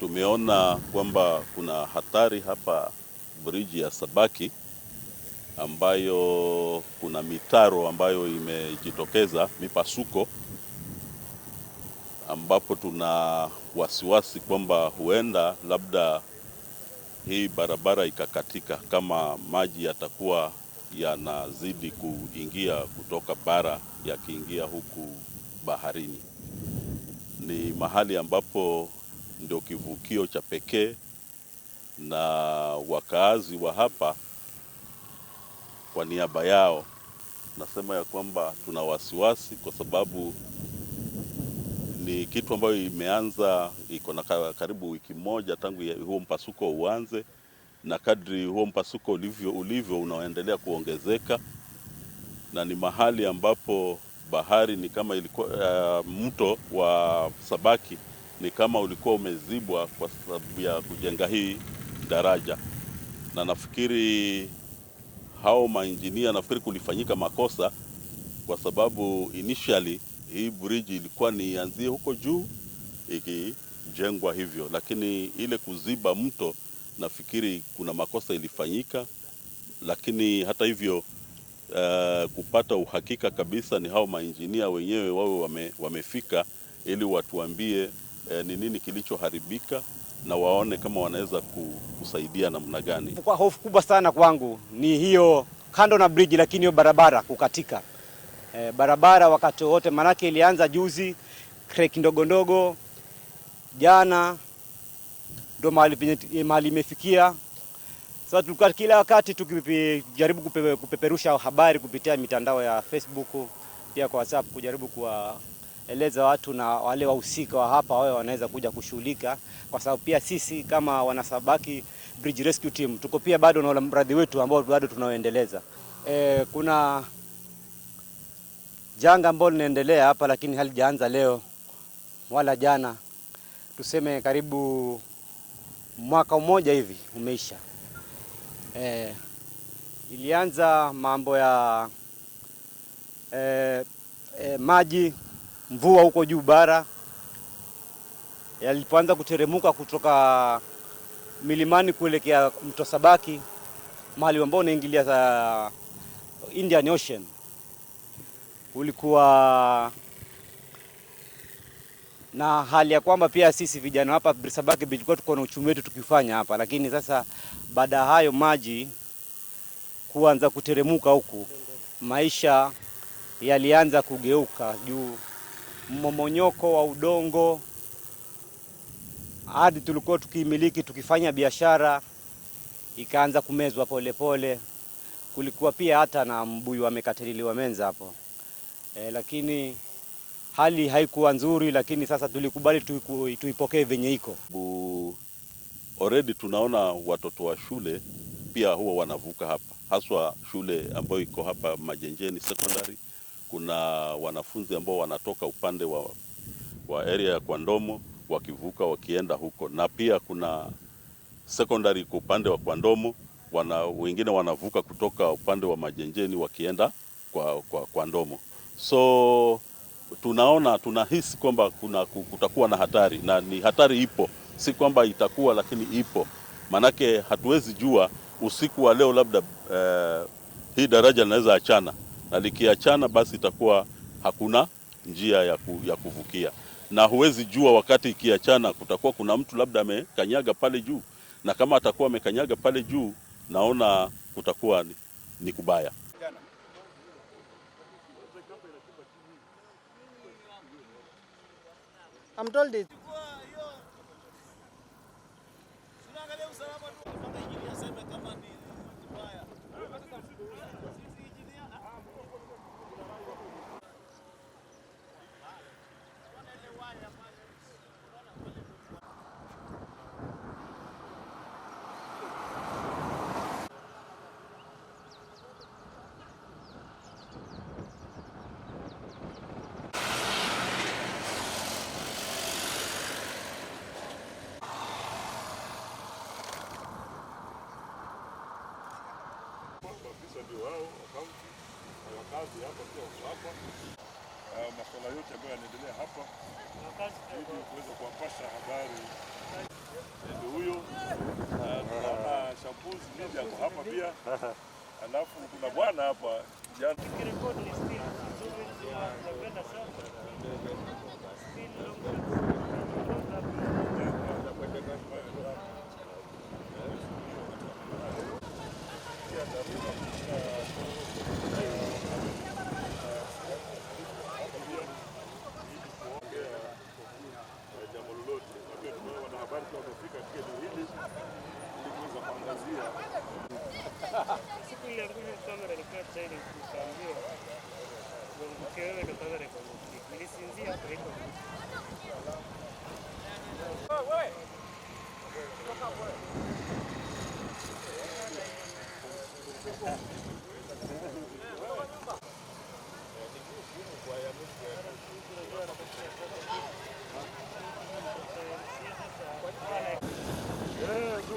tumeona kwamba kuna hatari hapa briji ya Sabaki ambayo kuna mitaro ambayo imejitokeza mipasuko, ambapo tuna wasiwasi kwamba huenda labda hii barabara ikakatika kama maji yatakuwa yanazidi kuingia kutoka bara yakiingia huku baharini. Ni mahali ambapo ndio kivukio cha pekee, na wakaazi wa hapa, kwa niaba yao nasema ya kwamba tuna wasiwasi kwa sababu ni kitu ambayo imeanza, iko na karibu wiki moja tangu huo mpasuko uanze, na kadri huo mpasuko ulivyo, ulivyo unaendelea kuongezeka, na ni mahali ambapo bahari ni kama ilikuwa uh, mto wa Sabaki ni kama ulikuwa umezibwa kwa sababu ya kujenga hii daraja, na nafikiri hao mainjinia, nafikiri kulifanyika makosa kwa sababu initially hii bridge ilikuwa nianzie huko juu ikijengwa hivyo, lakini ile kuziba mto nafikiri kuna makosa ilifanyika, lakini hata hivyo uh, kupata uhakika kabisa ni hao mainjinia wenyewe wawe wame, wamefika ili watuambie Eh, ni nini kilichoharibika na waone kama wanaweza kusaidia namna gani. Kwa hofu kubwa sana kwangu ni hiyo kando na bridge, lakini hiyo barabara kukatika e, barabara wakati wote, maanake ilianza juzi ndogo ndogo jana ndo eh, mahali imefikia sasa. Tulikuwa kila wakati tukijaribu kupeperusha habari kupitia mitandao ya Facebook pia kwa WhatsApp kujaribu kuwa eleza watu na wale wahusika wa hapa wawe wanaweza kuja kushughulika, kwa sababu pia sisi kama wanasabaki Bridge Rescue Team tuko pia bado na mradi wetu ambao bado tunaoendeleza. E, kuna janga ambalo linaendelea hapa, lakini halijaanza leo wala jana. Tuseme karibu mwaka mmoja hivi umeisha. E, ilianza mambo ya e, e, maji mvua huko juu bara yalipoanza kuteremuka kutoka milimani kuelekea mto Sabaki, mahali ambao unaingilia Indian Ocean, ulikuwa na hali ya kwamba pia sisi vijana hapa Sabaki tulikuwa tuko na uchumi wetu tukifanya hapa, lakini sasa baada ya hayo maji kuanza kuteremuka huku, maisha yalianza kugeuka juu mmomonyoko wa udongo, ardhi tulikuwa tukimiliki tukifanya biashara ikaanza kumezwa polepole pole. Kulikuwa pia hata na mbuyu amekatililiwa menza hapo e, lakini hali haikuwa nzuri, lakini sasa tulikubali tuipokee venye iko. Already tunaona watoto wa shule pia huwa wanavuka hapa, haswa shule ambayo iko hapa Majenjeni Secondary kuna wanafunzi ambao wanatoka upande wa, wa area ya Kwandomo wakivuka wakienda huko, na pia kuna secondary kwa upande wa Kwandomo wana, wengine wanavuka kutoka upande wa Majenjeni wakienda kwa, kwa, Kwandomo so tunaona tunahisi kwamba kuna kutakuwa na hatari na ni hatari ipo, si kwamba itakuwa, lakini ipo, maanake hatuwezi jua usiku wa leo labda eh, hii daraja linaweza achana na likiachana basi itakuwa hakuna njia ya, ku, ya kuvukia, na huwezi jua wakati ikiachana kutakuwa kuna mtu labda amekanyaga pale juu, na kama atakuwa amekanyaga pale juu, naona kutakuwa ni, ni kubaya. I'm told it. maafisa ndio wao wa kaunti na wakazi hapa pia wako hapa. Masuala yote ambayo yanaendelea hapa ili kuweza kuwapasha habari ndio huyo. Tunaona Shampuzi mimi ako hapa pia, alafu kuna bwana hapa jana ile nguvu sana nilikaa chini kusambia mwanamke ndo kaza rekomendiki nilisinzia hapo iko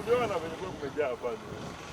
wewe venye kumejaa bado.